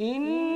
إن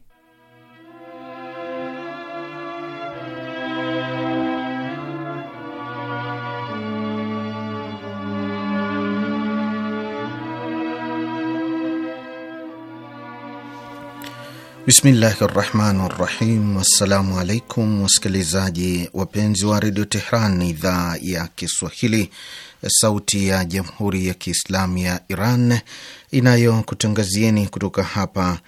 Bismillahi rahmani rahim. Wassalamu alaikum wasikilizaji wapenzi wa redio Tehran, idhaa ya Kiswahili, sauti ya jamhuri ya kiislamu ya Iran inayokutangazieni kutoka hapa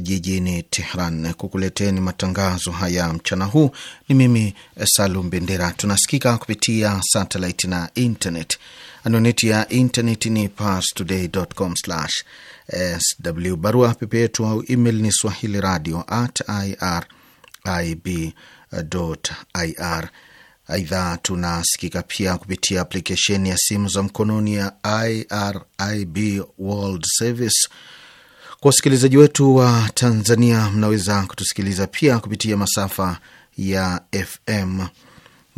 jijini Tehran kukuleteni matangazo haya mchana huu. Ni mimi Salum Bendera. Tunasikika kupitia satelit na internet. Anoneti ya internet ni parstoday.com sw. Barua pepe yetu au email ni swahili radio at irib ir. Aidha, tunasikika pia kupitia aplikesheni ya simu za mkononi ya IRIB World Service. Kwa wasikilizaji wetu wa Tanzania, mnaweza kutusikiliza pia kupitia masafa ya FM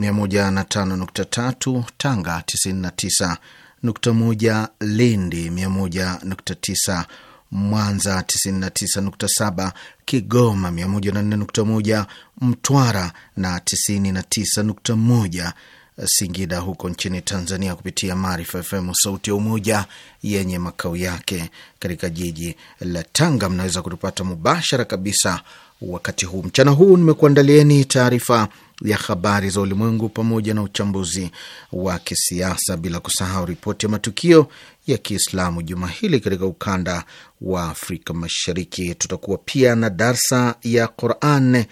105.3 Tanga, 99 101.1 Lindi, 101.9 Mwanza, 99.7 Kigoma, 104.1 Mtwara na 99.1 Singida huko nchini Tanzania kupitia Maarifa FM sauti ya Umoja yenye makao yake katika jiji la Tanga. Mnaweza kutupata mubashara kabisa wakati huu mchana huu. Nimekuandalieni taarifa ya habari za ulimwengu pamoja na uchambuzi wa kisiasa, bila kusahau ripoti ya matukio ya Kiislamu juma hili katika ukanda wa Afrika Mashariki. Tutakuwa pia na darsa ya Quran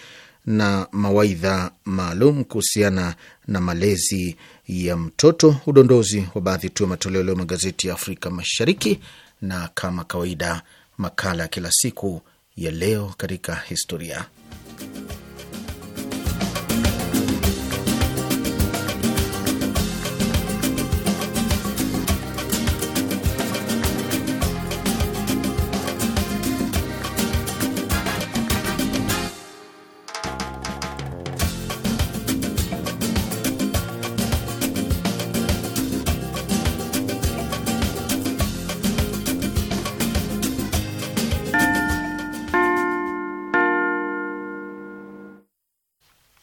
na mawaidha maalum kuhusiana na malezi ya mtoto, udondozi wa baadhi tu ya matoleo leo magazeti ya Afrika Mashariki, na kama kawaida makala ya kila siku ya leo katika historia.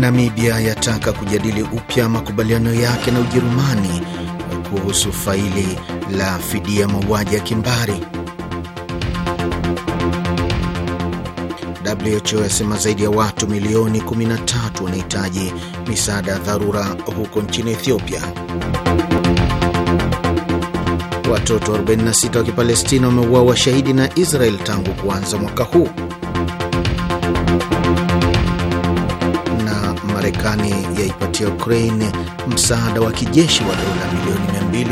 Namibia yataka kujadili upya makubaliano yake na Ujerumani kuhusu faili la fidia mauaji ya kimbari. WHO yasema zaidi ya watu milioni 13 wanahitaji misaada ya dharura huko nchini Ethiopia. Watoto 46 wa Kipalestina wameuawa shahidi na Israel tangu kuanza mwaka huu. yaipatia Ukraine msaada wa kijeshi wa dola milioni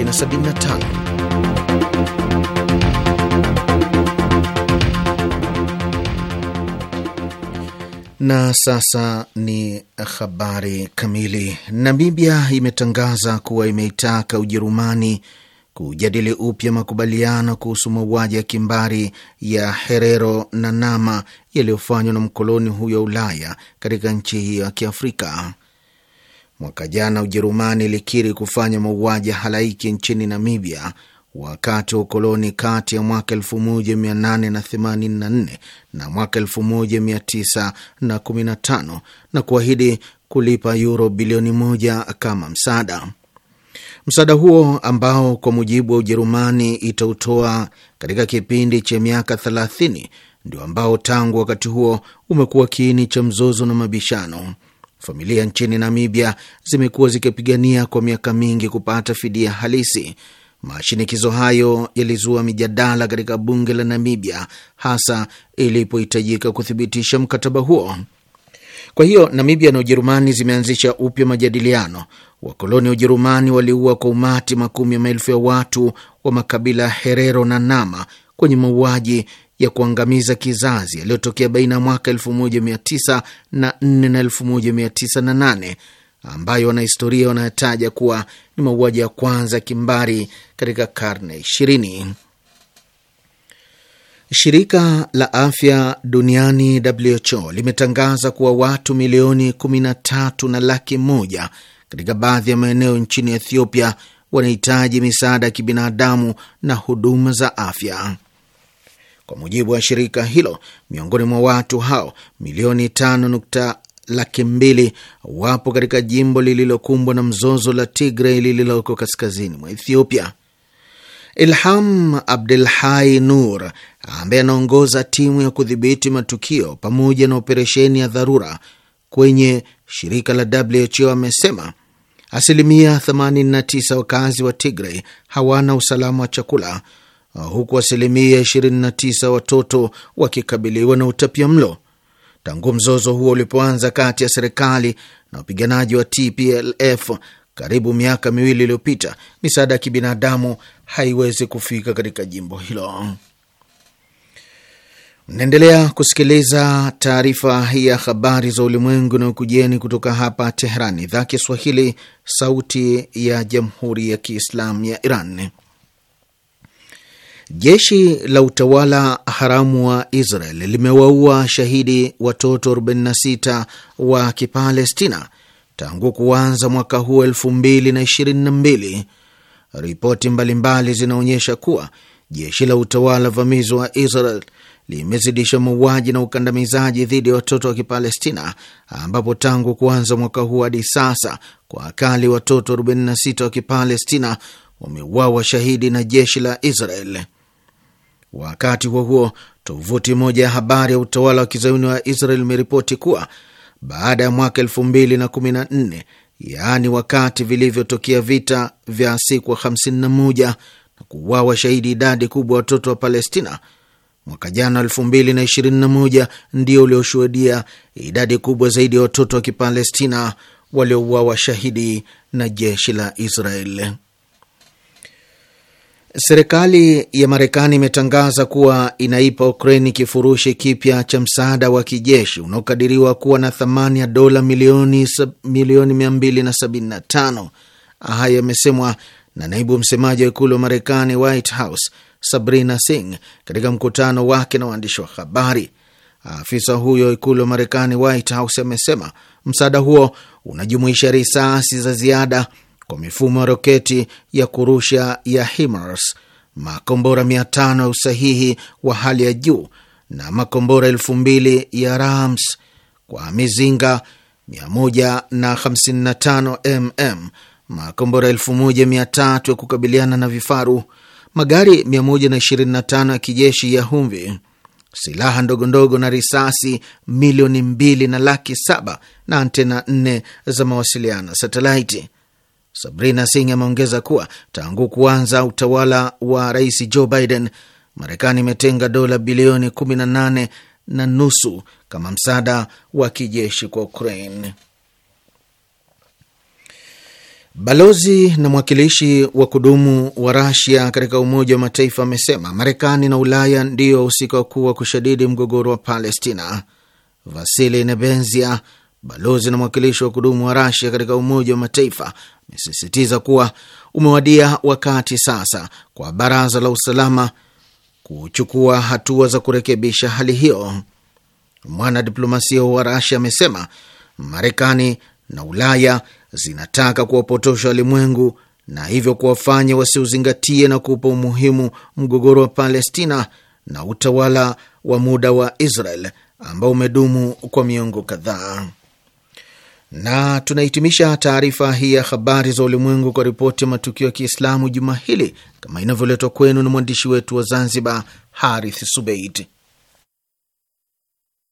275. Na sasa ni habari kamili. Namibia imetangaza kuwa imeitaka Ujerumani kujadili upya makubaliano kuhusu mauaji ya kimbari ya Herero na Nama yaliyofanywa na mkoloni huyo Ulaya katika nchi hiyo ya Kiafrika. Mwaka jana Ujerumani ilikiri kufanya mauaji halaiki nchini Namibia wakati wa ukoloni kati ya mwaka 1884 na mwaka 1915 na kuahidi kulipa yuro bilioni moja kama msaada. Msaada huo ambao kwa mujibu wa Ujerumani itautoa katika kipindi cha miaka 30 ndio ambao tangu wakati huo umekuwa kiini cha mzozo na mabishano familia nchini Namibia zimekuwa zikipigania kwa miaka mingi kupata fidia halisi. Mashinikizo hayo yalizua mijadala katika bunge la Namibia, hasa ilipohitajika kuthibitisha mkataba huo. Kwa hiyo Namibia na Ujerumani zimeanzisha upya majadiliano. Wakoloni wa Ujerumani waliua kwa umati makumi ya maelfu ya watu wa makabila Herero na Nama kwenye mauaji ya kuangamiza kizazi yaliyotokea baina ya mwaka 1904 na 1908 ambayo wanahistoria wanayataja kuwa ni mauaji ya kwanza ya kimbari katika karne 20. Shirika la afya duniani WHO limetangaza kuwa watu milioni 13 na laki moja katika baadhi ya maeneo nchini Ethiopia wanahitaji misaada ya kibinadamu na huduma za afya. Kwa mujibu wa shirika hilo, miongoni mwa watu hao milioni tano nukta laki mbili wapo katika jimbo lililokumbwa na mzozo la Tigray lililoko kaskazini mwa Ethiopia. Ilham abdul hai Nur ambaye anaongoza timu ya kudhibiti matukio pamoja na operesheni ya dharura kwenye shirika la WHO amesema asilimia 89 wakazi wa Tigray hawana usalama wa chakula Ah, huku asilimia 29 watoto wakikabiliwa na utapia mlo. Tangu mzozo huo ulipoanza kati ya serikali na wapiganaji wa TPLF karibu miaka miwili iliyopita, misaada ya kibinadamu haiwezi kufika katika jimbo hilo. Mnaendelea kusikiliza taarifa hii ya habari za ulimwengu na ukujeni kutoka hapa Teherani, idhaa Kiswahili, sauti ya jamhuri ya kiislamu ya Iran. Jeshi la utawala haramu wa Israel limewaua shahidi watoto 46 wa Kipalestina tangu kuanza mwaka huu 2022. Ripoti mbalimbali zinaonyesha kuwa jeshi la utawala vamizi wa Israel limezidisha mauaji na ukandamizaji dhidi ya watoto wa Kipalestina, ambapo tangu kuanza mwaka huu hadi sasa kwa akali watoto 46 wa Kipalestina wameuawa shahidi na jeshi la Israel. Wakati huo huo, tovuti moja ya habari ya utawala wa kizayuni wa Israel imeripoti kuwa baada ya mwaka elfu mbili na kumi na nne yaani wakati vilivyotokea vita vya siku 51 na kuuawa shahidi idadi kubwa ya watoto wa Palestina, mwaka jana 2021 ndio ulioshuhudia idadi kubwa zaidi ya watoto wa Kipalestina waliouawa shahidi na jeshi la Israel. Serikali ya Marekani imetangaza kuwa inaipa Ukraini kifurushi kipya cha msaada wa kijeshi unaokadiriwa kuwa na thamani ya dola milioni milioni 275. Haya yamesemwa na naibu msemaji wa ikulu wa Marekani, White House, Sabrina Singh katika mkutano wake na waandishi wa habari. Afisa huyo ikulu wa Marekani, White House, amesema msaada huo unajumuisha risasi za ziada kwa mifumo ya roketi ya kurusha ya HIMARS, makombora 500 ya usahihi wa hali ya juu na makombora 2000 ya Rams kwa mizinga 155 mm, makombora 1300 ya kukabiliana na vifaru, magari 125 ya kijeshi ya Humvi, silaha ndogondogo na risasi milioni mbili na laki saba na antena nne za mawasiliano satelaiti. Sabrina Singh ameongeza kuwa tangu kuanza utawala wa rais Joe Biden, Marekani imetenga dola bilioni 18 na nusu kama msaada wa kijeshi kwa Ukraine. Balozi na mwakilishi wa kudumu wa Rasia katika Umoja wa Mataifa amesema Marekani na Ulaya ndiyo wahusika wakuu wa kushadidi mgogoro wa Palestina. Vasili Nebenzia Balozi na mwakilishi wa kudumu wa Rasia katika Umoja wa Mataifa amesisitiza kuwa umewadia wakati sasa kwa Baraza la Usalama kuchukua hatua za kurekebisha hali hiyo. Mwanadiplomasia wa Rasia amesema Marekani na Ulaya zinataka kuwapotosha walimwengu na hivyo kuwafanya wasiuzingatie na kuupa umuhimu mgogoro wa Palestina na utawala wa muda wa Israel ambao umedumu kwa miongo kadhaa. Na tunahitimisha taarifa hii ya habari za ulimwengu kwa ripoti ya matukio ya Kiislamu juma hili kama inavyoletwa kwenu na mwandishi wetu wa Zanzibar, Harith Subeit.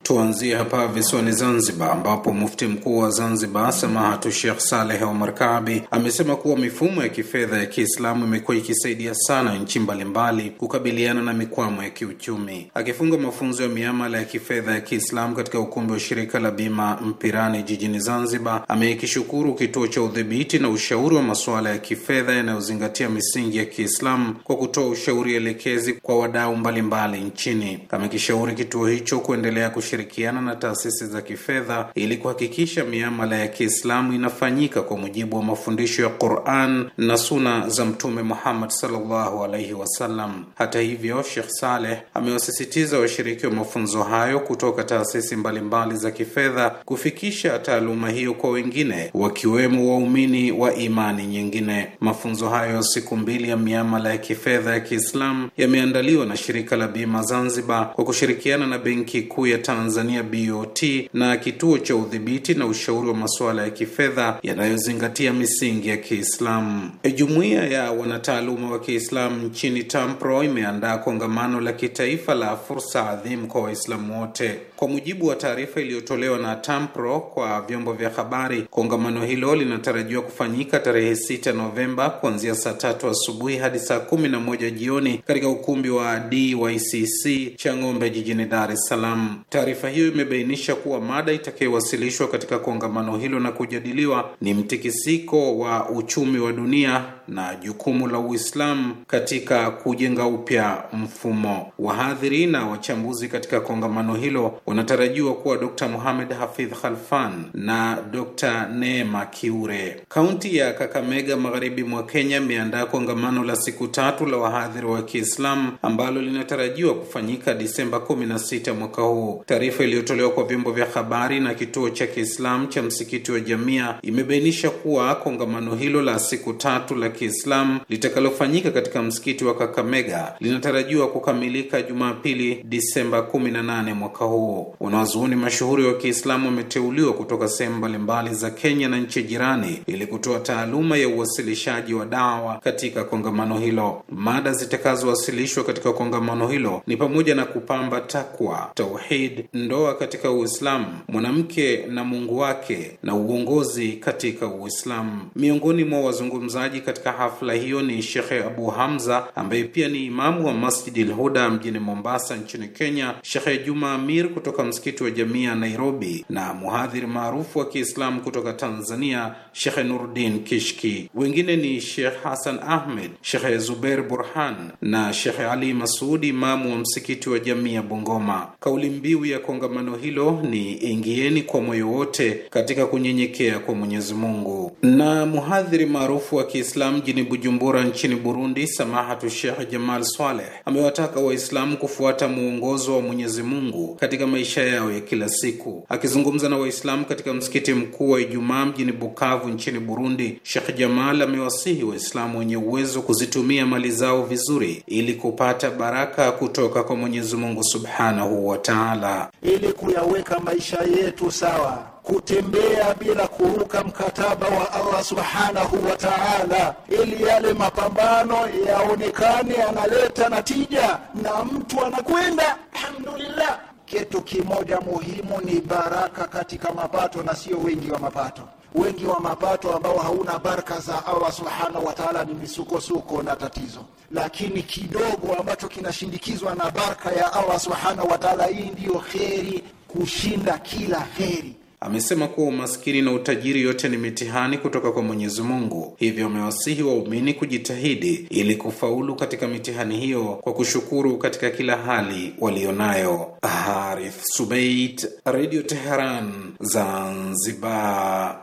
Tuanzie hapa visiwani Zanzibar, ambapo mufti mkuu wa Zanzibar samahatu Shekh Saleh Omar Kabi amesema kuwa mifumo ya kifedha ya Kiislamu imekuwa ikisaidia sana nchi mbalimbali kukabiliana na mikwamo ya kiuchumi. Akifunga mafunzo ya miamala ya kifedha ya Kiislamu katika ukumbi wa shirika la bima Mpirani jijini Zanzibar, ameikishukuru kituo cha udhibiti na ushauri wa masuala ya kifedha yanayozingatia misingi ya Kiislamu kwa kutoa ushauri elekezi kwa wadau mbalimbali nchini. Amekishauri kituo hicho kuendelea kushirika kushirikiana na taasisi za kifedha ili kuhakikisha miamala ya Kiislamu inafanyika kwa mujibu wa mafundisho ya Quran na suna za Mtume Muhammad sallallahu alaihi wasallam. Hata hivyo, Sheikh Saleh amewasisitiza washiriki wa mafunzo hayo kutoka taasisi mbalimbali za kifedha kufikisha taaluma hiyo kwa wengine, wakiwemo waumini wa imani nyingine. Mafunzo hayo siku mbili ya miamala ya kifedha ya Kiislamu yameandaliwa na shirika la bima Zanzibar kwa kushirikiana na Benki Kuu ya Tanzania Tanzania BOT na kituo cha udhibiti na ushauri wa masuala ya kifedha yanayozingatia misingi ya Kiislamu. E, jumuiya ya wanataaluma wa Kiislamu nchini TAMPRO imeandaa kongamano la kitaifa la fursa adhimu kwa Waislamu wote. Kwa mujibu wa taarifa iliyotolewa na TAMPRO kwa vyombo vya habari, kongamano hilo linatarajiwa kufanyika tarehe 6 Novemba kuanzia saa tatu asubuhi hadi saa kumi na moja jioni katika ukumbi wa DYCC cha Ng'ombe jijini Dar es Salaam. Taarifa Taarifa hiyo imebainisha kuwa mada itakayowasilishwa katika kongamano hilo na kujadiliwa ni mtikisiko wa uchumi wa dunia na jukumu la Uislamu katika kujenga upya mfumo. Wahadhiri na wachambuzi katika kongamano hilo wanatarajiwa kuwa Dr. Muhammad Hafidh Khalfan na Dr. Neema Kiure. Kaunti ya Kakamega magharibi mwa Kenya imeandaa kongamano la siku tatu la wahadhiri wa Kiislamu ambalo linatarajiwa kufanyika Disemba 16 mwaka huu. Taarifa iliyotolewa kwa vyombo vya habari na kituo cha Kiislamu cha msikiti wa Jamia imebainisha kuwa kongamano hilo la siku tatu la Kiislamu litakalofanyika katika msikiti wa Kakamega linatarajiwa kukamilika Jumapili Disemba 18 mwaka huu. Wanazuoni mashuhuri wa Kiislamu wameteuliwa kutoka sehemu mbalimbali za Kenya na nchi jirani ili kutoa taaluma ya uwasilishaji wa dawa katika kongamano hilo. Mada zitakazowasilishwa katika kongamano hilo ni pamoja na kupamba takwa, tauhid, ndoa katika Uislamu, mwanamke na Mungu wake na uongozi katika Uislamu. Miongoni mwa wazungumzaji katika katika hafla hiyo ni Shekhe Abu Hamza ambaye pia ni imamu wa Masjidil Huda mjini Mombasa nchini Kenya, Shekhe Juma Amir kutoka msikiti wa Jamii ya Nairobi na muhadhiri maarufu wa Kiislamu kutoka Tanzania, Shekhe Nuruddin Kishki. Wengine ni Shekh Hasan Ahmed, Shekhe Zuber Burhan na Shekhe Ali Masudi, imamu wa msikiti wa Jamii ya Bungoma. Kauli mbiu ya kongamano hilo ni ingieni kwa moyo wote katika kunyenyekea kwa Mwenyezi Mungu. Na muhadhiri maarufu wa Kiislamu mjini Bujumbura nchini Burundi, Samahatu Sheikh Jamal Swaleh amewataka Waislamu kufuata muongozo wa Mwenyezi Mungu katika maisha yao ya kila siku. Akizungumza na Waislamu katika msikiti mkuu wa Ijumaa mjini Bukavu nchini Burundi, Sheikh Jamal amewasihi Waislamu wenye uwezo kuzitumia mali zao vizuri ili kupata baraka kutoka kwa Mwenyezi Mungu subhanahu wa taala, ili kuyaweka maisha yetu sawa kutembea bila kuruka mkataba wa Allah subhanahu wa ta'ala, ili yale mapambano yaonekane analeta natija na mtu anakwenda. Alhamdulillah, kitu kimoja muhimu ni baraka katika mapato, na sio wengi wa mapato wengi wa mapato ambao hauna baraka za Allah subhanahu wa ta'ala ni misukosuko na tatizo, lakini kidogo ambacho kinashindikizwa na baraka ya Allah subhanahu wa ta'ala, hii ndiyo kheri kushinda kila kheri amesema kuwa umaskini na utajiri yote ni mitihani kutoka kwa Mwenyezi Mungu, hivyo amewasihi waumini kujitahidi ili kufaulu katika mitihani hiyo kwa kushukuru katika kila hali walionayo. Harith Subait, Radio Teheran, Zanzibar.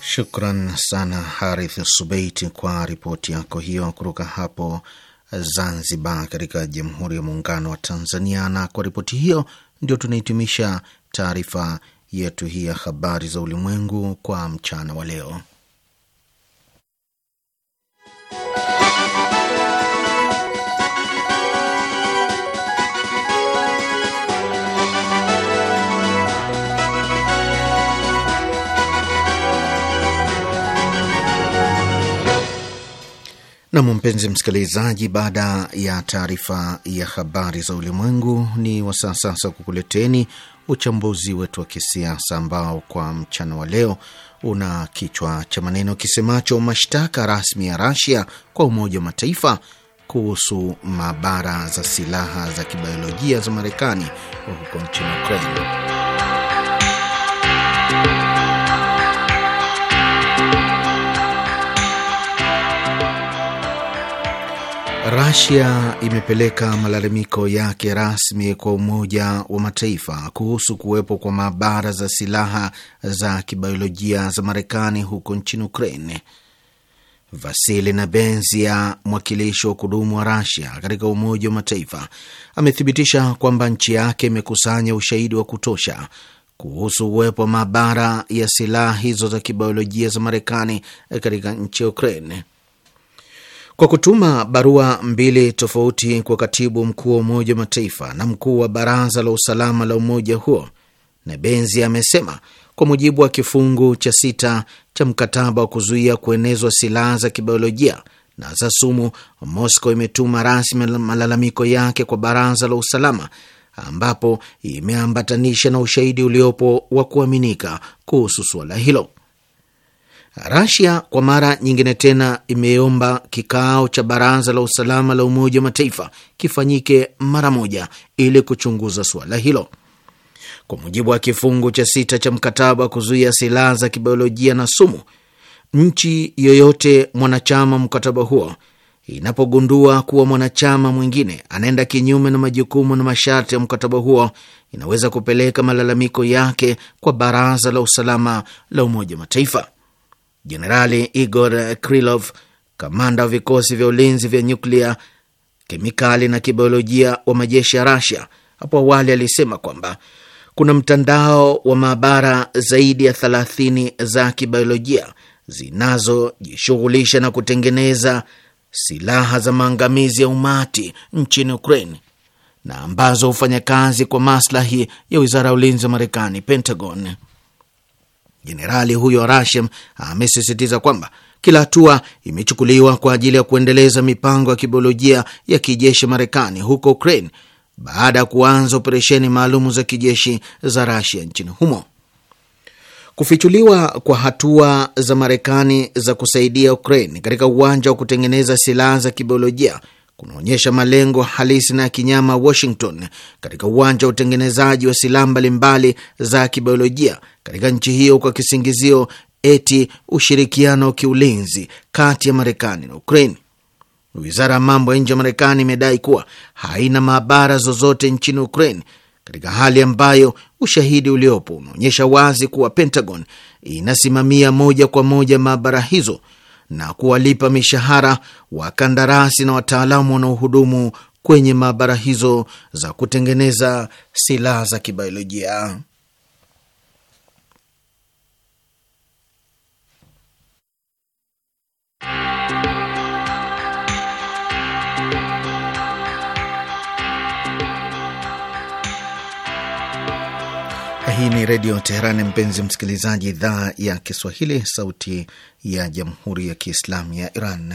Shukran sana Harith Subeiti kwa ripoti yako hiyo kutoka hapo Zanzibar katika Jamhuri ya Muungano wa Tanzania. Na kwa ripoti hiyo ndio tunahitimisha taarifa yetu hii ya habari za ulimwengu kwa mchana wa leo. Nam, mpenzi msikilizaji, baada ya taarifa ya habari za ulimwengu, ni wasaa sasa kukuleteni uchambuzi wetu wa kisiasa ambao kwa mchana wa leo una kichwa cha maneno kisemacho mashtaka rasmi ya Rasia kwa Umoja wa Mataifa kuhusu maabara za silaha za kibiolojia za Marekani huko nchini Ukraine. Rasia imepeleka malalamiko yake rasmi kwa Umoja wa Mataifa kuhusu kuwepo kwa maabara za silaha za kibiolojia za Marekani huko nchini Ukraine. Vasili na Benzia, mwakilishi wa kudumu wa Rasia katika Umoja wa Mataifa, amethibitisha kwamba nchi yake imekusanya ushahidi wa kutosha kuhusu uwepo wa maabara ya silaha hizo za kibiolojia za Marekani katika nchi ya Ukraine kwa kutuma barua mbili tofauti kwa katibu mkuu wa Umoja wa Mataifa na mkuu wa Baraza la Usalama la umoja huo. nebenzi amesema kwa mujibu wa kifungu cha sita cha mkataba wa kuzuia kuenezwa silaha za kibiolojia na za sumu, Moscow imetuma rasmi malalamiko yake kwa Baraza la Usalama ambapo imeambatanisha na ushahidi uliopo wa kuaminika kuhusu suala hilo. Rasia kwa mara nyingine tena imeomba kikao cha baraza la usalama la Umoja wa Mataifa kifanyike mara moja ili kuchunguza suala hilo. Kwa mujibu wa kifungu cha sita cha mkataba wa kuzuia silaha za kibiolojia na sumu, nchi yoyote mwanachama mkataba huo inapogundua kuwa mwanachama mwingine anaenda kinyume na majukumu na masharti ya mkataba huo inaweza kupeleka malalamiko yake kwa baraza la usalama la Umoja wa Mataifa. Jenerali Igor Krilov, kamanda wa vikosi vya ulinzi vya nyuklia, kemikali na kibiolojia wa majeshi ya Rasia, hapo awali alisema kwamba kuna mtandao wa maabara zaidi ya 30 za kibiolojia zinazojishughulisha na kutengeneza silaha za maangamizi ya umati nchini Ukraine na ambazo hufanya kazi kwa maslahi ya wizara ya ulinzi wa Marekani, Pentagon. Jenerali huyo Rashem amesisitiza kwamba kila hatua imechukuliwa kwa ajili ya kuendeleza mipango ya kibiolojia ya kijeshi Marekani huko Ukraine baada ya kuanza operesheni maalum za kijeshi za Rasia nchini humo. Kufichuliwa kwa hatua za Marekani za kusaidia Ukraine katika uwanja wa kutengeneza silaha za kibiolojia kunaonyesha malengo halisi na ya kinyama Washington katika uwanja wa utengenezaji wa silaha mbalimbali za kibiolojia katika nchi hiyo kwa kisingizio eti ushirikiano wa kiulinzi kati ya Marekani na Ukraine. Wizara ya mambo ya nje ya Marekani imedai kuwa haina maabara zozote nchini Ukraine, katika hali ambayo ushahidi uliopo unaonyesha wazi kuwa Pentagon inasimamia moja kwa moja maabara hizo na kuwalipa mishahara wakandarasi na wataalamu wanaohudumu kwenye maabara hizo za kutengeneza silaha za kibiolojia. Hii ni Redio Teherani, mpenzi msikilizaji, idhaa ya Kiswahili, sauti ya Jamhuri ya Kiislamu ya Iran.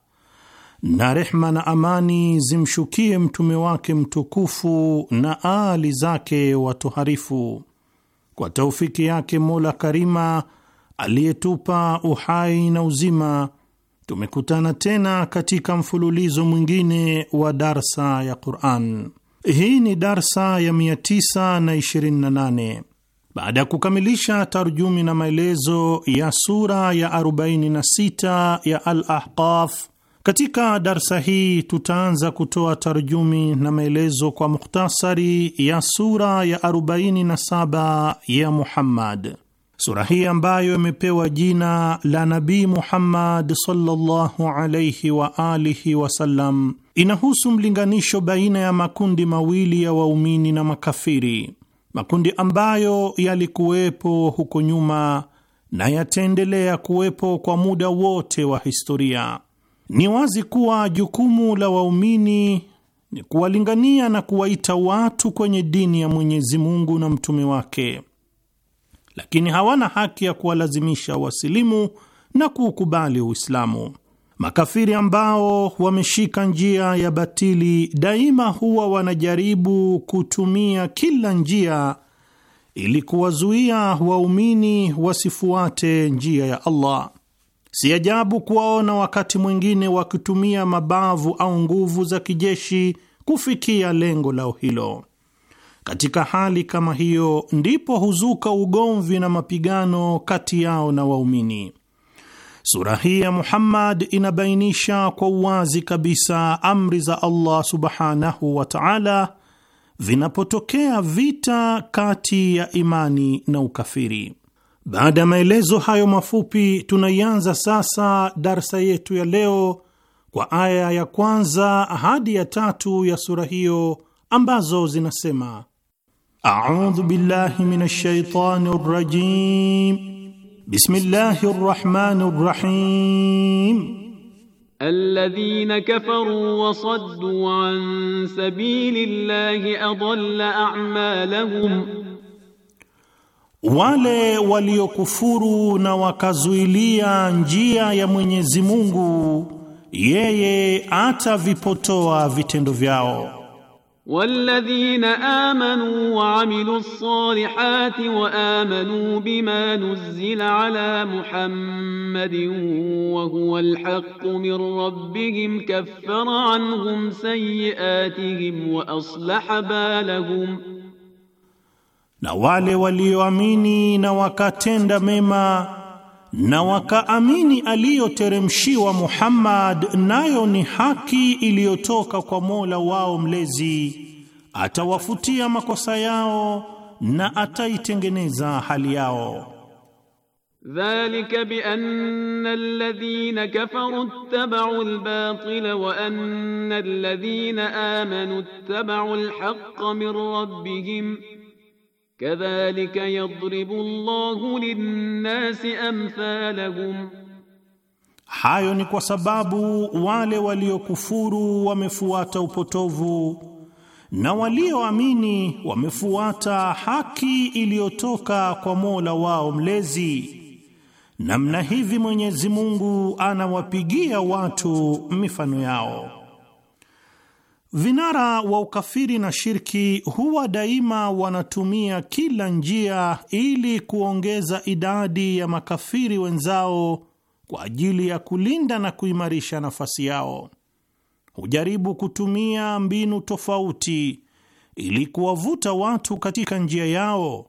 na rehma na amani zimshukie mtume wake mtukufu na aali zake watoharifu. Kwa taufiki yake Mola Karima aliyetupa uhai na uzima, tumekutana tena katika mfululizo mwingine wa darsa ya Quran. Hii ni darsa ya 928 baada ya kukamilisha tarjumi na maelezo ya sura ya 46 ya Al-Ahqaf. Katika darsa hii tutaanza kutoa tarjumi na maelezo kwa mukhtasari ya sura ya 47 ya Muhammad. Sura hii ambayo imepewa jina la Nabii Muhammad sallallahu alayhi wa alihi wasallam inahusu mlinganisho baina ya makundi mawili ya waumini na makafiri, makundi ambayo yalikuwepo huko nyuma na yataendelea kuwepo kwa muda wote wa historia. Ni wazi kuwa jukumu la waumini ni kuwalingania na kuwaita watu kwenye dini ya Mwenyezi Mungu na mtume wake, lakini hawana haki ya kuwalazimisha wasilimu na kuukubali Uislamu. Makafiri ambao wameshika njia ya batili daima huwa wanajaribu kutumia kila njia ili kuwazuia waumini wasifuate njia ya Allah. Si ajabu kuwaona wakati mwingine wakitumia mabavu au nguvu za kijeshi kufikia lengo lao hilo. Katika hali kama hiyo, ndipo huzuka ugomvi na mapigano kati yao na waumini. Sura hii ya Muhammad inabainisha kwa uwazi kabisa amri za Allah subhanahu wa ta'ala vinapotokea vita kati ya imani na ukafiri. Baada ya maelezo hayo mafupi, tunaianza sasa darsa yetu ya leo kwa aya ya kwanza hadi ya tatu ya sura hiyo ambazo zinasema: audhu billahi minash shaitani rajim bismillahi rahmani rahim alladhina kafaru wa saddu an sabilillahi adalla a'malahum wale waliokufuru na wakazuilia njia ya Mwenyezi Mungu, yeye atavipotoa vitendo vyao. والذين آمنوا وعملوا الصالحات وآمنوا بما نزل على محمد وهو الحق من ربهم كفر عنهم سيئاتهم وأصلح بالهم na wale walioamini na wakatenda mema na wakaamini aliyoteremshiwa Muhammad, nayo ni haki iliyotoka kwa Mola wao mlezi, atawafutia makosa yao na ataitengeneza hali yao. Dhalika bi anna alladhina kafaru ittaba'u albatila wa anna alladhina amanu ittaba'u alhaqqa min rabbihim kadhalika yadribu Allahu linnasi amthalahum, hayo ni kwa sababu wale waliokufuru wamefuata upotovu na walioamini wamefuata haki iliyotoka kwa Mola wao mlezi. Namna hivi Mwenyezi Mungu anawapigia watu mifano yao. Vinara wa ukafiri na shirki huwa daima wanatumia kila njia ili kuongeza idadi ya makafiri wenzao kwa ajili ya kulinda na kuimarisha nafasi yao. Hujaribu kutumia mbinu tofauti ili kuwavuta watu katika njia yao,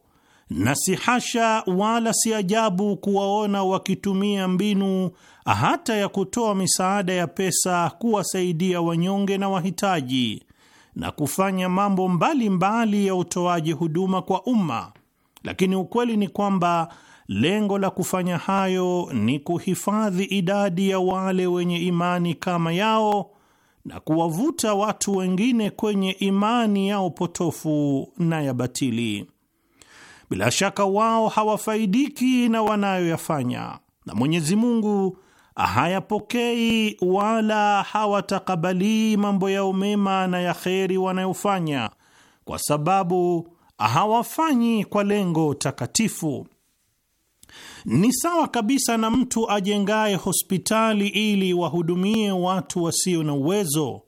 na si hasha wala si ajabu kuwaona wakitumia mbinu hata ya kutoa misaada ya pesa kuwasaidia wanyonge na wahitaji na kufanya mambo mbalimbali mbali ya utoaji huduma kwa umma, lakini ukweli ni kwamba lengo la kufanya hayo ni kuhifadhi idadi ya wale wenye imani kama yao na kuwavuta watu wengine kwenye imani yao potofu na ya batili. Bila shaka wao hawafaidiki na wanayoyafanya, na Mwenyezi Mungu hayapokei wala hawatakabalii mambo yao mema na ya kheri wanayofanya, kwa sababu hawafanyi kwa lengo takatifu. Ni sawa kabisa na mtu ajengaye hospitali ili wahudumie watu wasio na uwezo,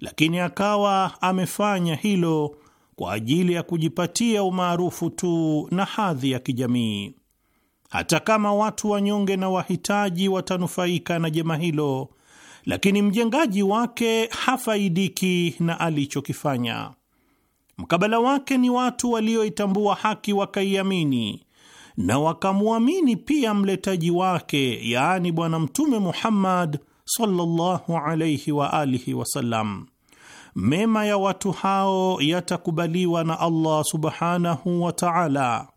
lakini akawa amefanya hilo kwa ajili ya kujipatia umaarufu tu na hadhi ya kijamii hata kama watu wanyonge na wahitaji watanufaika na jema hilo, lakini mjengaji wake hafaidiki na alichokifanya. Mkabala wake ni watu walioitambua haki wakaiamini na wakamwamini pia mletaji wake, yaani Bwana Mtume Muhammad sallallahu alayhi wa alihi wasallam. Mema ya watu hao yatakubaliwa na Allah subhanahu wa ta'ala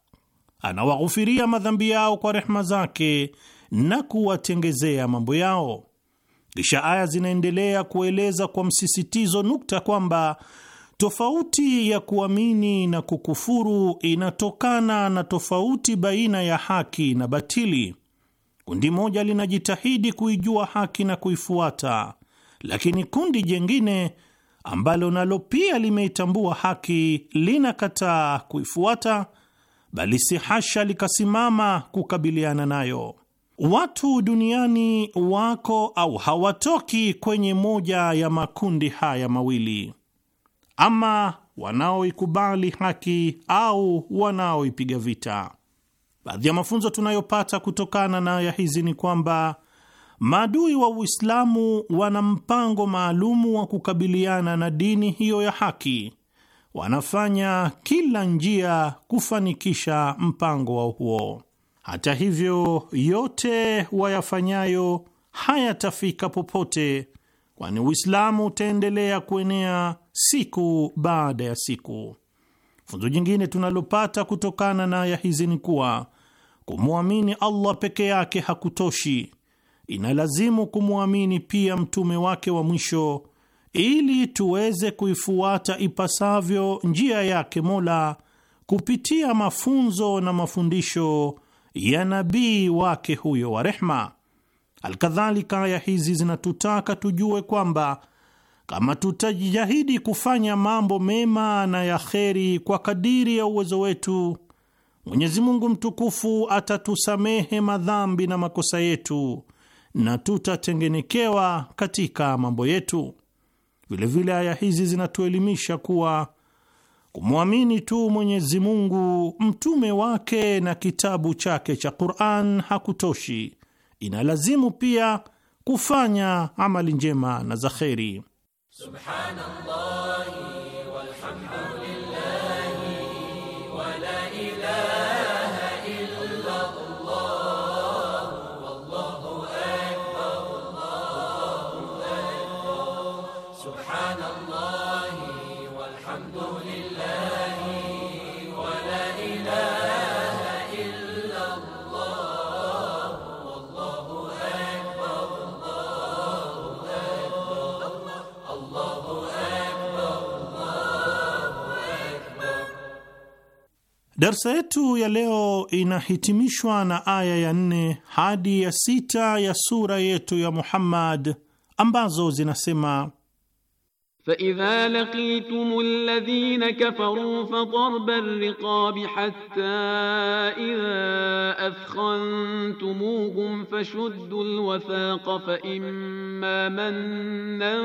anawaghufiria madhambi yao kwa rehma zake na kuwatengezea mambo yao. Kisha aya zinaendelea kueleza kwa msisitizo nukta kwamba tofauti ya kuamini na kukufuru inatokana na tofauti baina ya haki na batili. Kundi moja linajitahidi kuijua haki na kuifuata, lakini kundi jengine ambalo nalo pia limeitambua haki linakataa kuifuata bali si hasha likasimama kukabiliana nayo. Watu duniani wako au hawatoki kwenye moja ya makundi haya mawili, ama wanaoikubali haki au wanaoipiga vita. Baadhi ya mafunzo tunayopata kutokana na aya hizi ni kwamba maadui wa Uislamu wana mpango maalumu wa kukabiliana na dini hiyo ya haki wanafanya kila njia kufanikisha mpango wao huo. Hata hivyo, yote wayafanyayo hayatafika popote, kwani Uislamu utaendelea kuenea siku baada ya siku. Funzo jingine tunalopata kutokana na aya hizi ni kuwa kumwamini Allah peke yake hakutoshi, inalazimu kumwamini pia mtume wake wa mwisho ili tuweze kuifuata ipasavyo njia yake Mola kupitia mafunzo na mafundisho ya nabii wake huyo wa rehma. Alkadhalika, aya hizi zinatutaka tujue kwamba kama tutajitahidi kufanya mambo mema na ya kheri kwa kadiri ya uwezo wetu, Mwenyezi Mungu mtukufu atatusamehe madhambi na makosa yetu na tutatengenekewa katika mambo yetu. Vilevile aya hizi zinatuelimisha kuwa kumwamini tu Mwenyezi Mungu, mtume wake na kitabu chake cha Qur'an hakutoshi, inalazimu pia kufanya amali njema na za kheri. Subhanallah walhamdulillah wala ilaha Darsa yetu ya leo inahitimishwa na aya ya nne hadi ya sita ya sura yetu ya Muhammad ambazo zinasema فإذا لقيتم الذين كفروا فضرب الرقاب حتى إذا أثخنتموهم فشدوا الوثاق فإما منا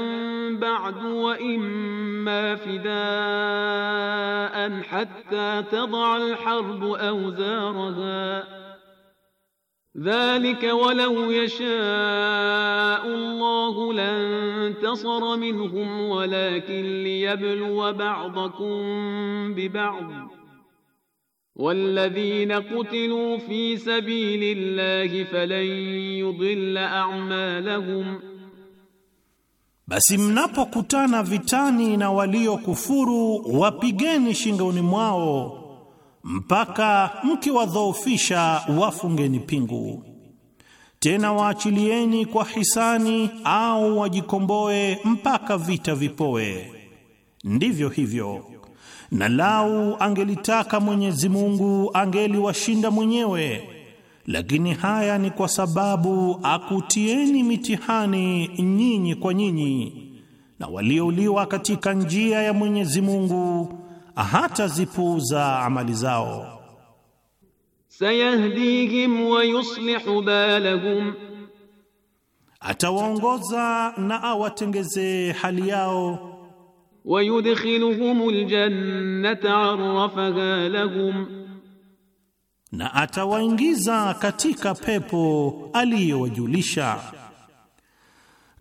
بعد وإما فداء حتى تضع الحرب أوزارها Dhalika walau yashau llahu lantasara minhum walakin liyabluwa badakum bibad walladhina qutiluu fi sabili llahi falan yudilla amalahum, basi mnapokutana vitani na waliokufuru wapigeni shingoni mwao mpaka mkiwadhoofisha wafungeni pingu, tena waachilieni kwa hisani au wajikomboe mpaka vita vipoe. Ndivyo hivyo, na lau angelitaka Mwenyezi Mungu angeliwashinda mwenyewe, lakini haya ni kwa sababu akutieni mitihani nyinyi kwa nyinyi, na waliouliwa katika njia ya Mwenyezi Mungu hatazipuuza amali zao. Sayahdihim wa yuslihu balahum, atawaongoza na awatengeze hali yao. Wa yudkhiluhum aljannata arrafaha lahum, na atawaingiza katika pepo aliyowajulisha.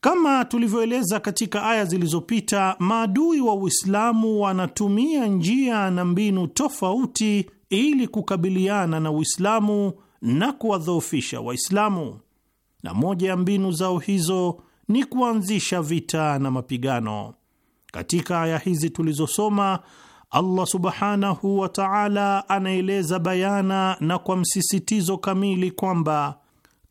Kama tulivyoeleza katika aya zilizopita, maadui wa Uislamu wanatumia njia na mbinu tofauti ili kukabiliana na Uislamu na kuwadhoofisha Waislamu, na moja ya mbinu zao hizo ni kuanzisha vita na mapigano. Katika aya hizi tulizosoma, Allah subhanahu wa ta'ala anaeleza bayana na kwa msisitizo kamili kwamba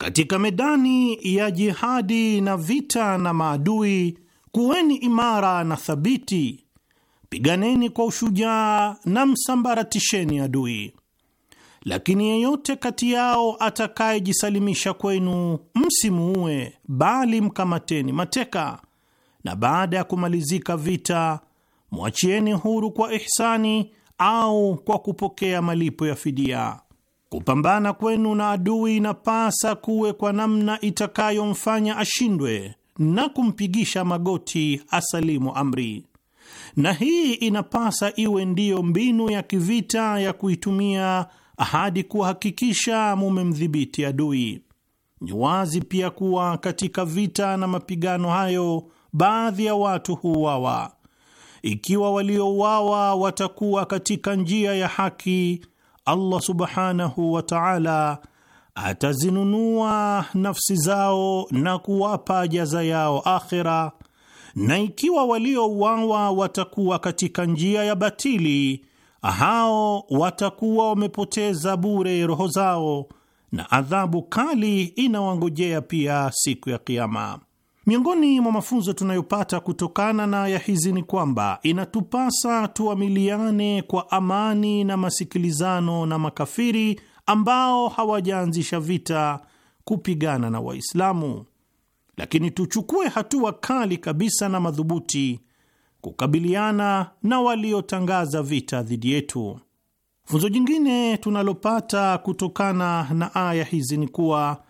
katika medani ya jihadi na vita na maadui, kuweni imara na thabiti, piganeni kwa ushujaa na msambaratisheni adui. Lakini yeyote kati yao atakayejisalimisha kwenu, msimuue, bali mkamateni mateka, na baada ya kumalizika vita mwachieni huru kwa ihsani au kwa kupokea malipo ya fidia. Kupambana kwenu na adui inapasa kuwe kwa namna itakayomfanya ashindwe na kumpigisha magoti asalimu amri, na hii inapasa iwe ndiyo mbinu ya kivita ya kuitumia hadi kuhakikisha mumemdhibiti adui. Ni wazi pia kuwa katika vita na mapigano hayo baadhi ya watu huuawa. Ikiwa waliouawa watakuwa katika njia ya haki Allah subhanahu wa ta'ala atazinunua nafsi zao na kuwapa jaza yao akhira, na ikiwa waliouawa watakuwa katika njia ya batili, hao watakuwa wamepoteza bure roho zao, na adhabu kali inawangojea pia siku ya Kiyama. Miongoni mwa mafunzo tunayopata kutokana na aya hizi ni kwamba inatupasa tuamiliane kwa amani na masikilizano na makafiri ambao hawajaanzisha vita kupigana na Waislamu, lakini tuchukue hatua kali kabisa na madhubuti kukabiliana na waliotangaza vita dhidi yetu. Funzo jingine tunalopata kutokana na aya hizi ni kuwa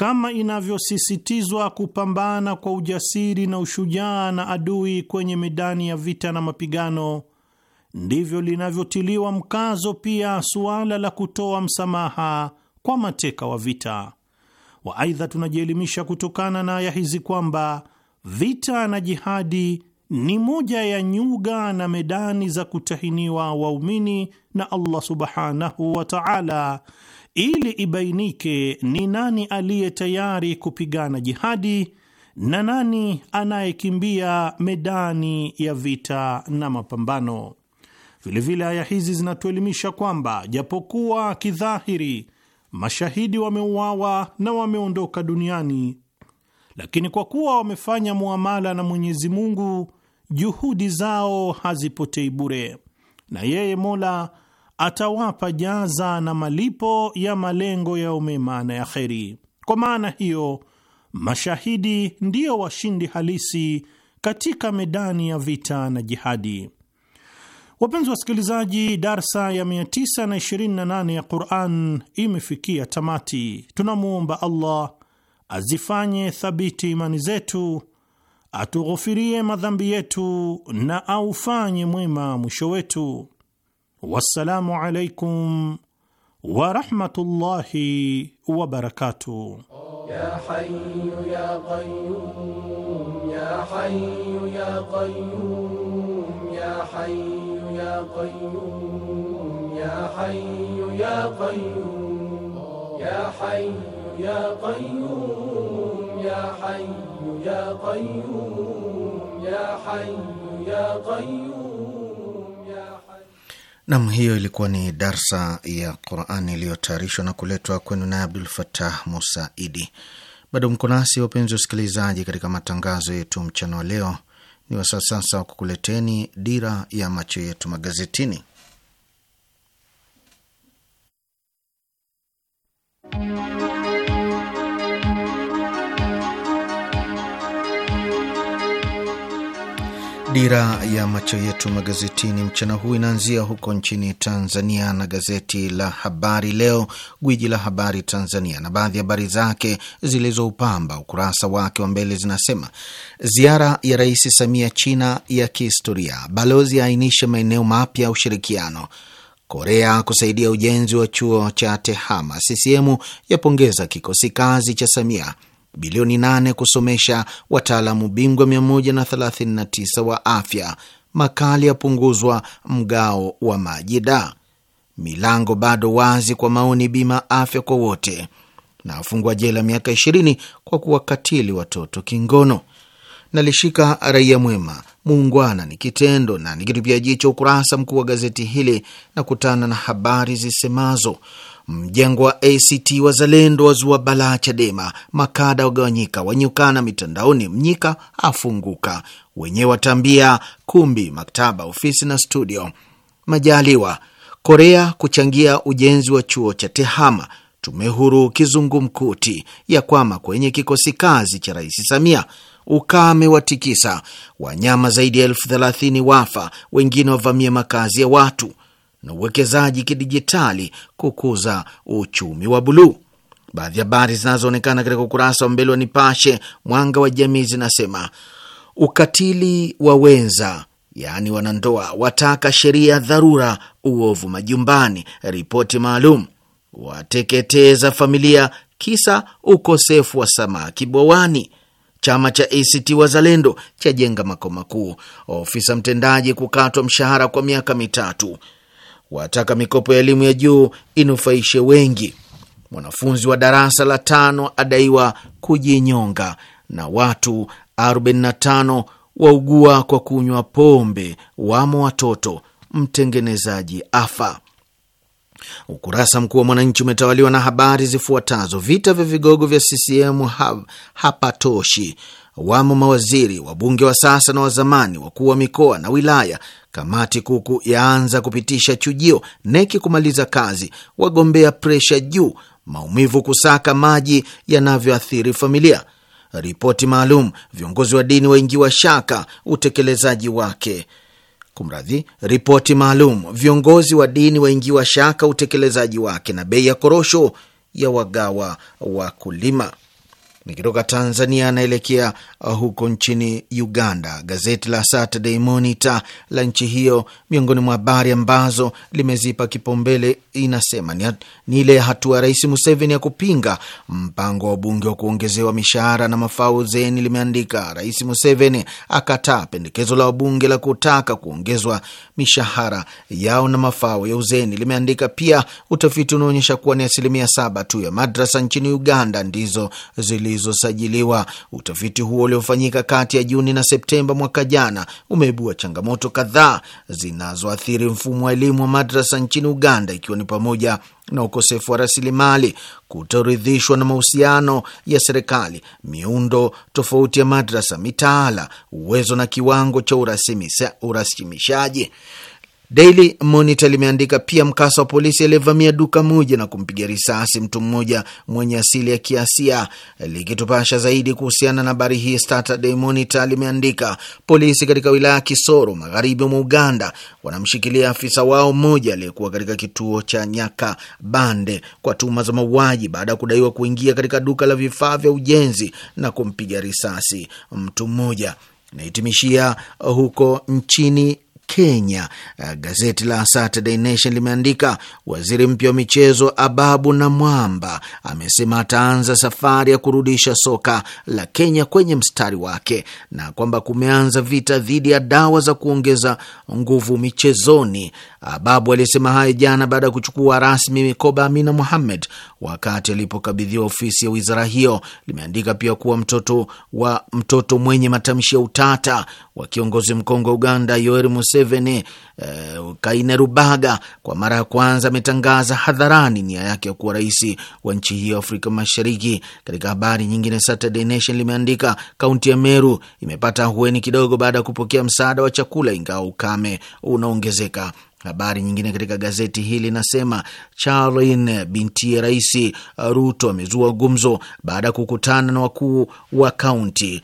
kama inavyosisitizwa kupambana kwa ujasiri na ushujaa na adui kwenye medani ya vita na mapigano, ndivyo linavyotiliwa mkazo pia suala la kutoa msamaha kwa mateka wa vita wa. Aidha, tunajielimisha kutokana na aya hizi kwamba vita na jihadi ni moja ya nyuga na medani za kutahiniwa waumini na Allah subhanahu wa ta'ala ili ibainike ni nani aliye tayari kupigana jihadi na nani anayekimbia medani ya vita na mapambano. Vilevile aya hizi zinatuelimisha kwamba japokuwa kidhahiri mashahidi wameuawa na wameondoka duniani, lakini kwa kuwa wamefanya muamala na Mwenyezi Mungu, juhudi zao hazipotei bure, na yeye Mola atawapa jaza na malipo ya malengo ya umema na ya kheri. Kwa maana hiyo, mashahidi ndiyo washindi halisi katika medani ya vita na jihadi. Wapenzi wasikilizaji, darsa ya 928 ya Quran imefikia tamati. Tunamwomba Allah azifanye thabiti imani zetu, atughofirie madhambi yetu na aufanye mwema mwisho wetu. والسلام عليكم ورحمة الله وبركاته يا حي يا قيوم يا حي يا قيوم يا حي يا قيوم يا حي يا قيوم يا حي يا قيوم يا حي يا قيوم يا حي يا قيوم Nam, hiyo ilikuwa ni darsa ya Qurani iliyotayarishwa na kuletwa kwenu naye Abdul Fatah Musaidi. Bado mko nasi wapenzi wa usikilizaji katika matangazo yetu mchana wa leo. Ni wasaa sasa wa kukuleteni dira ya macho yetu magazetini Dira ya macho yetu magazetini mchana huu inaanzia huko nchini Tanzania na gazeti la Habari Leo, gwiji la habari Tanzania, na baadhi ya habari zake zilizoupamba ukurasa wake wa mbele zinasema: ziara ya Rais Samia China ya kihistoria, balozi aainishe maeneo mapya ya ushirikiano, Korea kusaidia ujenzi wa chuo cha TEHAMA, CCM yapongeza kikosi kazi cha Samia bilioni 8 kusomesha wataalamu bingwa 139 wa afya. Makali yapunguzwa mgao wa maji da. Milango bado wazi kwa maoni bima afya kwa wote, na afungwa jela miaka 20 kwa kuwakatili watoto kingono. Nalishika Raia Mwema Muungwana ni kitendo, na nikitupia jicho ukurasa mkuu wa gazeti hili na kutana na habari zisemazo Mjengo wa ACT Wazalendo wazua balaa Chadema, makada wagawanyika, wanyukana mitandaoni, Mnyika afunguka, wenyewe watambia kumbi, maktaba, ofisi na studio. Majaliwa, Korea kuchangia ujenzi wa chuo cha TEHAMA. Tume huru kizungumkuti ya kwama kwenye kikosi kazi cha Rais Samia. Ukame watikisa, wanyama zaidi ya elfu thelathini wafa, wengine wavamia makazi ya watu na uwekezaji kidijitali kukuza uchumi wa buluu. Baadhi ya habari zinazoonekana katika ukurasa wa mbele wa Nipashe Mwanga wa Jamii zinasema ukatili wa wenza yaani wanandoa wataka sheria dharura, uovu majumbani, ripoti maalum wateketeza familia kisa ukosefu wa samaki bwawani. Chama cha ACT Wazalendo chajenga makao makuu, ofisa mtendaji kukatwa mshahara kwa miaka mitatu wataka mikopo ya elimu ya juu inufaishe wengi. Mwanafunzi wa darasa la tano adaiwa kujinyonga, na watu 45 waugua kwa kunywa pombe, wamo watoto. Mtengenezaji afa. Ukurasa mkuu wa Mwananchi umetawaliwa na habari zifuatazo: vita vya vigogo vya CCM hapatoshi, wamo mawaziri, wabunge wa sasa na wazamani, wakuu wa mikoa na wilaya. Kamati kuku yaanza kupitisha chujio, neki kumaliza kazi, wagombea presha juu, maumivu kusaka maji yanavyoathiri familia, ripoti maalum, viongozi wa dini waingiwa shaka utekelezaji wake. Kumradhi, ripoti maalum, viongozi wa dini waingiwa shaka utekelezaji wake, na bei ya korosho ya wagawa wakulima. Nikitoka Tanzania anaelekea uh, huko nchini Uganda. Gazeti la Saturday Monitor la nchi hiyo, miongoni mwa habari ambazo limezipa kipaumbele, inasema ni ni ile hatua ya Rais Museveni ya kupinga mpango wa bunge wa kuongezewa mishahara na mafao uzeni. Limeandika Rais Museveni akataa pendekezo la wabunge la kutaka kuongezwa mishahara yao na mafao ya uzeni. Limeandika pia, utafiti unaonyesha kuwa ni asilimia saba tu ya madrasa nchini Uganda ndizo zili zilizosajiliwa. Utafiti huo uliofanyika kati ya Juni na Septemba mwaka jana umeibua changamoto kadhaa zinazoathiri mfumo wa elimu wa madrasa nchini Uganda, ikiwa ni pamoja na ukosefu wa rasilimali, kutoridhishwa na mahusiano ya serikali, miundo tofauti ya madrasa, mitaala, uwezo na kiwango cha urasimishaji. Daily Monitor limeandika pia mkasa wa polisi aliyevamia duka moja na kumpiga risasi mtu mmoja mwenye asili ya Kiasia. Likitupasha zaidi kuhusiana na habari hii, Saturday Monitor limeandika polisi katika wilaya ya Kisoro, magharibi mwa Uganda, wanamshikilia afisa wao mmoja aliyekuwa katika kituo cha Nyaka Bande kwa tuhuma za mauaji baada ya kudaiwa kuingia katika duka la vifaa vya ujenzi na kumpiga risasi mtu mmoja. Inahitimishia huko nchini Kenya. Uh, gazeti la Saturday Nation limeandika waziri mpya wa michezo Ababu na Mwamba amesema ataanza safari ya kurudisha soka la Kenya kwenye mstari wake na kwamba kumeanza vita dhidi ya dawa za kuongeza nguvu michezoni. Ababu aliyesema hayo jana baada ya kuchukua rasmi mikoba Amina muhamed wakati alipokabidhiwa ofisi ya wizara hiyo. Limeandika pia kuwa mtoto wa mtoto mwenye matamshi ya utata wa kiongozi mkongwe wa Uganda Yoweri Museveni eh, Kainerubaga kwa mara ya kwanza ametangaza hadharani nia yake ya kuwa rais wa nchi hiyo Afrika Mashariki. Katika habari nyingine, Saturday Nation limeandika kaunti ya Meru imepata ahueni kidogo baada ya kupokea msaada wa chakula, ingawa ukame unaongezeka. Habari nyingine katika gazeti hili inasema Charlin binti Rais Ruto amezua gumzo baada ya kukutana na wakuu wa kaunti.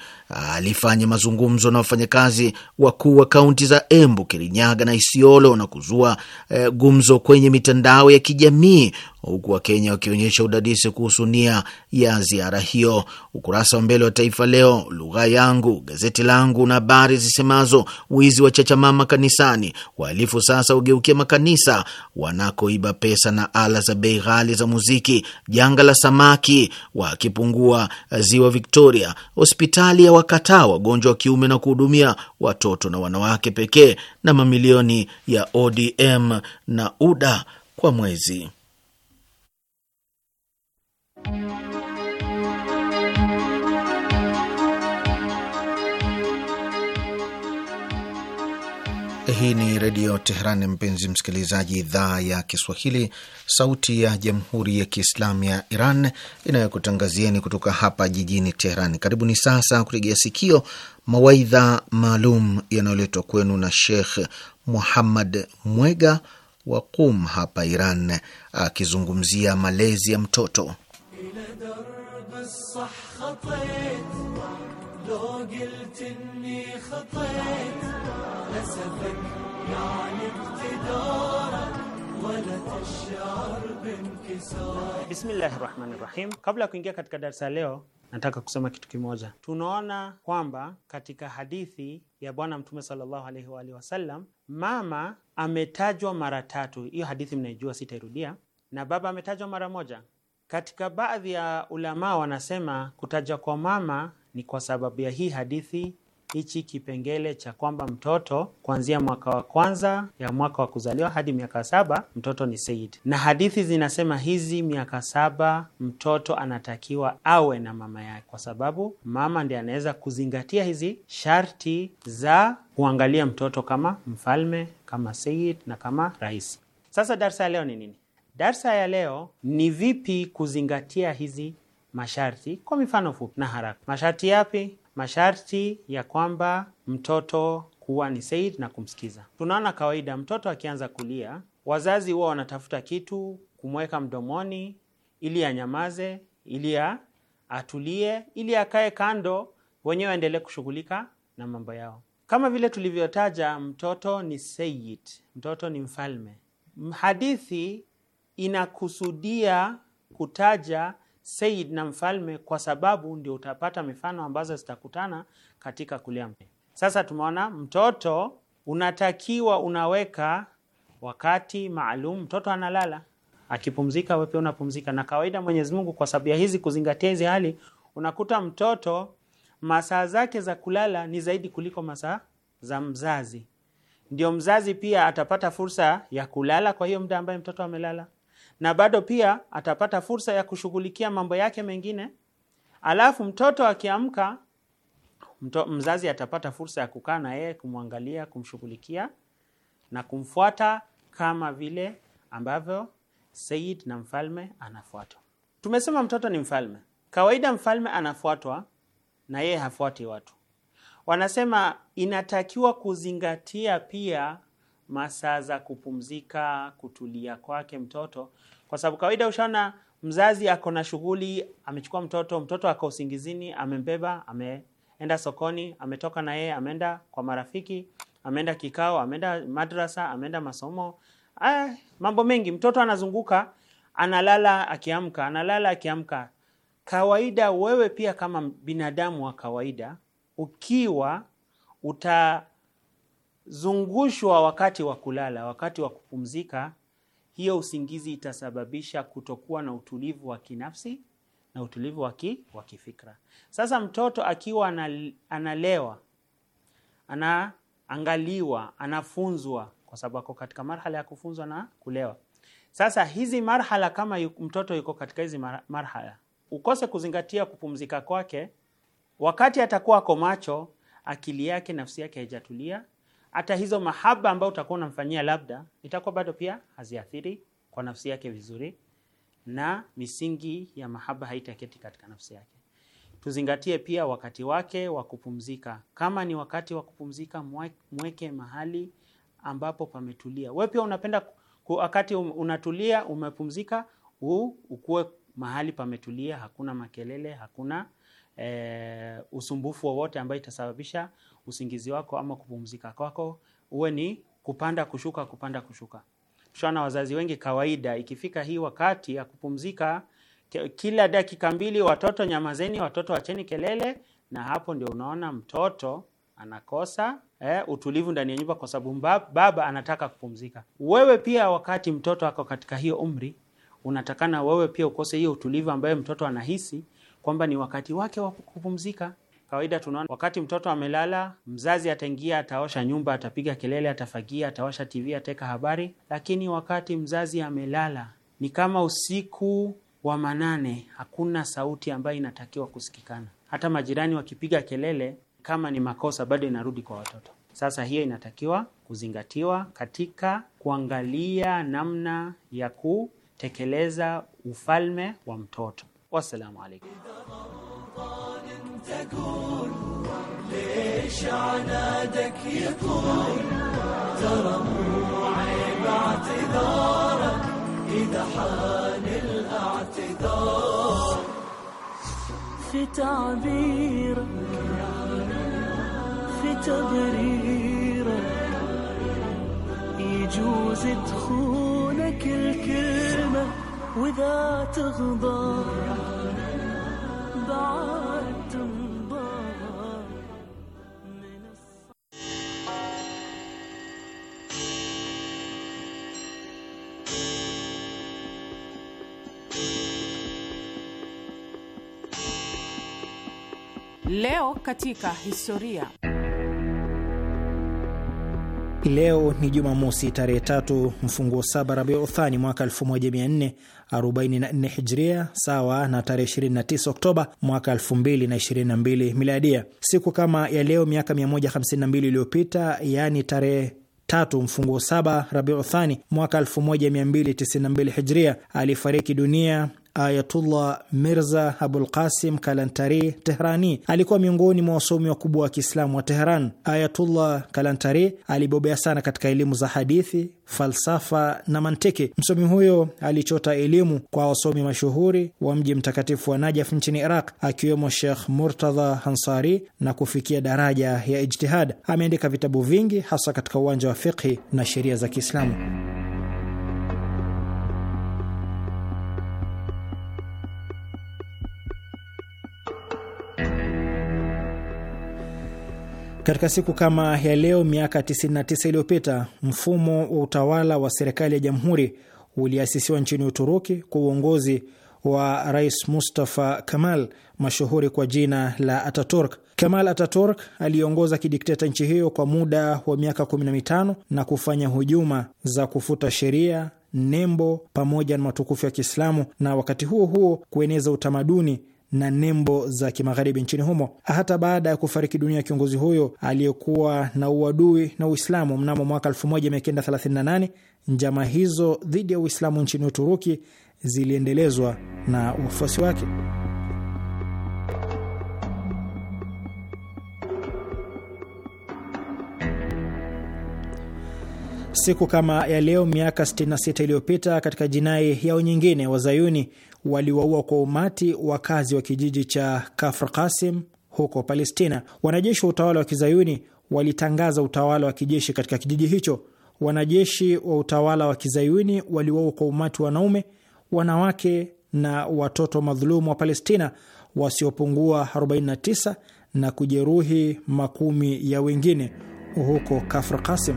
Alifanya mazungumzo na wafanyakazi wakuu wa kaunti za Embu, Kirinyaga na Isiolo na kuzua eh, gumzo kwenye mitandao ya kijamii huku Wakenya wakionyesha udadisi kuhusu nia ya ziara hiyo. Ukurasa wa mbele wa Taifa Leo, lugha yangu, gazeti langu na habari zisemazo wizi wa chachamama kanisani, wahalifu sasa ugeukia makanisa wanakoiba pesa na ala za bei ghali za muziki, janga la samaki wakipungua ziwa Victoria, hospitali ya wakataa wagonjwa wa kiume na kuhudumia watoto na wanawake pekee, na mamilioni ya ODM na UDA kwa mwezi. Hii ni Redio Teheran, mpenzi msikilizaji, idhaa ya Kiswahili, sauti ya Jamhuri ya Kiislamu ya Iran inayokutangazieni kutoka hapa jijini Teheran. Karibuni sasa kutegea sikio mawaidha maalum yanayoletwa kwenu na shekh Muhammad Mwega wa Qum hapa Iran, akizungumzia malezi ya mtoto. على الصح خطيت لو قلت اني خطيت لسفك يعني Rahim. Kabla ya kuingia katika darasa leo, nataka kusema kitu kimoja. Tunaona kwamba katika hadithi ya Bwana Mtume sallallahu alaihi wa alihi wasallam, mama ametajwa mara tatu. Hiyo hadithi mnaijua, sitairudia, na baba ametajwa mara moja. Katika baadhi ya ulamaa wanasema kutaja kwa mama ni kwa sababu ya hii hadithi hichi kipengele cha kwamba mtoto kuanzia mwaka wa kwanza ya mwaka wa kuzaliwa hadi miaka saba mtoto ni Sayyid, na hadithi zinasema hizi miaka saba mtoto anatakiwa awe na mama yake, kwa sababu mama ndiye anaweza kuzingatia hizi sharti za kuangalia mtoto kama mfalme, kama Sayyid na kama rais. Sasa darsa ya leo ni nini? Darsa ya leo ni vipi kuzingatia hizi masharti kwa mifano fupi na haraka. Masharti yapi? Masharti ya kwamba mtoto kuwa ni said na kumsikiza. Tunaona kawaida mtoto akianza kulia, wazazi huwa wanatafuta kitu kumweka mdomoni ili anyamaze, ili atulie, ili akae kando, wenyewe waendelee kushughulika na mambo yao. Kama vile tulivyotaja, mtoto ni said, mtoto ni mfalme. Hadithi inakusudia kutaja Said na mfalme kwa sababu ndio utapata mifano ambazo zitakutana katika kulia. Sasa tumeona mtoto unatakiwa unaweka wakati maalum mtoto analala, akipumzika wewe pia unapumzika. Na kawaida Mwenyezi Mungu kwa sababu ya hizi kuzingatia hizi hali, unakuta mtoto masaa zake za kulala ni zaidi kuliko masaa za mzazi. Ndio mzazi pia atapata fursa ya kulala kwa hiyo muda ambaye mtoto amelala na bado pia atapata fursa ya kushughulikia mambo yake mengine. Alafu mtoto akiamka, mto, mzazi atapata fursa ya kukaa na yeye, kumwangalia, kumshughulikia na kumfuata kama vile ambavyo Said na mfalme anafuatwa. Tumesema mtoto ni mfalme. Kawaida mfalme anafuatwa na yeye hafuati watu. Wanasema inatakiwa kuzingatia pia masaa za kupumzika, kutulia kwake mtoto, kwa sababu kawaida ushaona mzazi ako na shughuli, amechukua mtoto, mtoto ako usingizini, amembeba, ameenda sokoni, ametoka na yeye, ameenda kwa marafiki, ameenda kikao, ameenda madrasa, ameenda masomo, Ay, mambo mengi. Mtoto anazunguka, analala, akiamka, analala, akiamka. Kawaida wewe pia kama binadamu wa kawaida, ukiwa uta zungushwa wakati wa kulala, wakati wa kupumzika, hiyo usingizi itasababisha kutokuwa na utulivu wa kinafsi na utulivu wa kifikra. Sasa mtoto akiwa analewa, anaangaliwa, anafunzwa, kwa sababu ako katika marhala ya kufunzwa na kulewa. Sasa hizi marhala, kama yu, mtoto yuko katika hizi marhala, ukose kuzingatia kupumzika kwake, wakati atakuwa ako macho, akili yake, nafsi yake haijatulia hata hizo mahaba ambayo utakuwa unamfanyia labda itakuwa bado pia haziathiri kwa nafsi yake vizuri, na misingi ya mahaba haitaketi katika nafsi yake. Tuzingatie pia wakati wake wa kupumzika. Kama ni wakati wa kupumzika, mweke mahali ambapo pametulia. Wewe pia unapenda wakati um, unatulia, umepumzika, ukue mahali pametulia, hakuna makelele, hakuna e, usumbufu wowote ambayo itasababisha usingizi wako ama kupumzika kwako uwe ni kupanda kushuka, kupanda kushuka. Tushaona wazazi wengi kawaida, ikifika hii wakati ya kupumzika, kila dakika mbili, watoto nyamazeni, watoto wacheni kelele, na hapo ndio unaona mtoto anakosa eh, utulivu ndani ya nyumba kwa sababu baba anataka kupumzika. Wewe pia wakati mtoto ako katika hiyo umri, unatakana wewe pia ukose hiyo utulivu ambayo mtoto anahisi kwamba ni wakati wake wa kupumzika. Kawaida tunaona wakati mtoto amelala, mzazi ataingia, ataosha nyumba, atapiga kelele, atafagia, ataosha TV, ataweka habari. Lakini wakati mzazi amelala, ni kama usiku wa manane, hakuna sauti ambayo inatakiwa kusikikana. Hata majirani wakipiga kelele, kama ni makosa, bado inarudi kwa watoto. Sasa hiyo inatakiwa kuzingatiwa katika kuangalia namna ya kutekeleza ufalme wa mtoto. والسلام عليكم تقول ليش عنادك يطول ترى مو عيب اعتذارك إذا حان الاعتذار في تعبيرك في تبريرك يجوز تخونك الكلمه وإذا تغضب بعد تنبار من الصبر. Leo katika historia. Leo ni Jumamosi tarehe tatu mfunguo saba Rabiu Uthani mwaka 1444 Hijria, sawa na tarehe 29 Oktoba mwaka 2022 Miladia. Siku kama ya leo miaka 152 iliyopita, yaani tarehe tatu mfunguo saba Rabiu Thani mwaka 1292 Hijria, alifariki dunia Ayatullah Mirza Abul Qasim Kalantari Tehrani alikuwa miongoni mwa wasomi wakubwa wa Kiislamu wa Teheran. Ayatullah Kalantari alibobea sana katika elimu za hadithi, falsafa na mantiki. Msomi huyo alichota elimu kwa wasomi mashuhuri wa mji mtakatifu wa Najaf nchini Iraq, akiwemo Shekh Murtadha Hansari na kufikia daraja ya ijtihad. Ameandika vitabu vingi hasa katika uwanja wa fiqhi na sheria za Kiislamu. Katika siku kama ya leo miaka 99 iliyopita mfumo wa utawala wa serikali ya jamhuri uliasisiwa nchini Uturuki kwa uongozi wa Rais Mustafa Kamal mashuhuri kwa jina la Ataturk. Kamal Ataturk aliongoza kidikteta nchi hiyo kwa muda wa miaka 15 na kufanya hujuma za kufuta sheria, nembo pamoja na matukufu ya Kiislamu na wakati huo huo kueneza utamaduni na nembo za kimagharibi nchini humo hata baada ya kufariki dunia ya kiongozi huyo aliyekuwa na uadui na Uislamu mnamo mwaka 1938 njama hizo dhidi ya Uislamu nchini Uturuki ziliendelezwa na wafuasi wake. Siku kama ya leo miaka 66 iliyopita, katika jinai yao nyingine, wazayuni waliwaua kwa umati wakazi wa kijiji cha Kafr Qasim huko Palestina. Wanajeshi wa utawala wa kizayuni walitangaza utawala wa kijeshi katika kijiji hicho. Wanajeshi wa utawala wa kizayuni waliwaua kwa umati wanaume, wanawake na watoto madhulumu wa Palestina wasiopungua 49 na kujeruhi makumi ya wengine huko Kafr Qasim.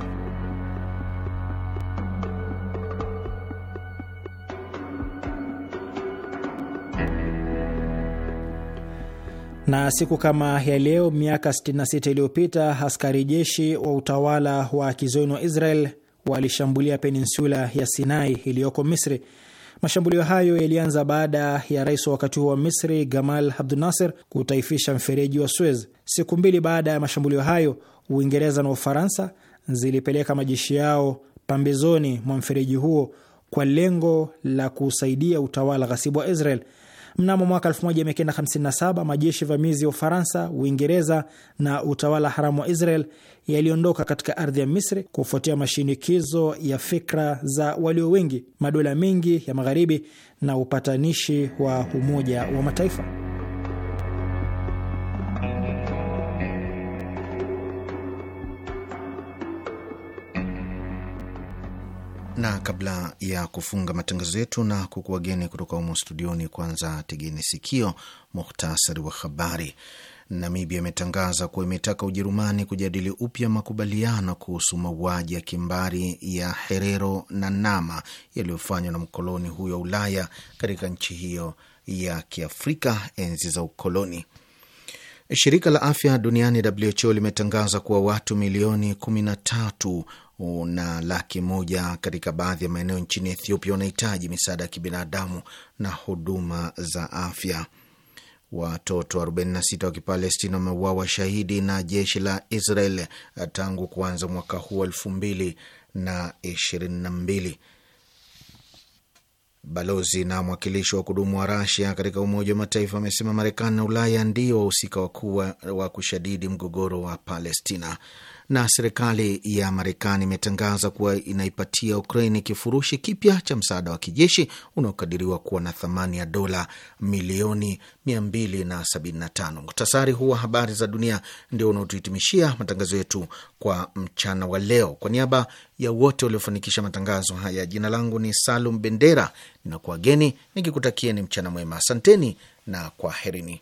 Na siku kama ya leo miaka 66 iliyopita askari jeshi wa utawala wa kizoni wa Israel walishambulia peninsula ya Sinai iliyoko Misri. Mashambulio hayo yalianza baada ya rais wa wakati huo wa Misri Gamal Abdel Nasser kutaifisha mfereji wa Suez. Siku mbili baada ya mashambulio hayo, Uingereza na Ufaransa zilipeleka majeshi yao pambezoni mwa mfereji huo kwa lengo la kusaidia utawala ghasibu wa Israel. Mnamo mwaka 1957 majeshi vamizi ya Ufaransa, Uingereza na utawala haramu wa Israel yaliondoka katika ardhi ya Misri kufuatia mashinikizo ya fikra za walio wengi, madola mengi ya Magharibi na upatanishi wa Umoja wa Mataifa. na kabla ya kufunga matangazo yetu na kukuwageni kutoka humo studioni, kwanza tegeni sikio muhtasari wa habari. Namibia imetangaza kuwa imetaka Ujerumani kujadili upya makubaliano kuhusu mauaji ya kimbari ya Herero na Nama yaliyofanywa na mkoloni huyo wa Ulaya katika nchi hiyo ya Kiafrika enzi za ukoloni. Shirika la afya duniani WHO limetangaza kuwa watu milioni 13 na laki moja katika baadhi ya maeneo nchini Ethiopia wanahitaji misaada ya kibinadamu na huduma za afya. Watoto 46 wa Kipalestina wameuawa shahidi na jeshi la Israel tangu kuanza mwaka huu elfu mbili na ishirini na mbili. Balozi na mwakilishi wa kudumu wa Rasia katika Umoja wa Mataifa amesema Marekani na Ulaya ndio wahusika wakuu wa kushadidi mgogoro wa Palestina. Na serikali ya Marekani imetangaza kuwa inaipatia Ukraini kifurushi kipya cha msaada wa kijeshi unaokadiriwa kuwa na thamani ya dola milioni 275. Muhtasari huu wa habari za dunia ndio unaotuhitimishia matangazo yetu kwa mchana wa leo. Kwa niaba ya wote waliofanikisha matangazo haya, jina langu ni Salum Bendera, ninakuwageni nikikutakieni mchana mwema. Asanteni na kwaherini.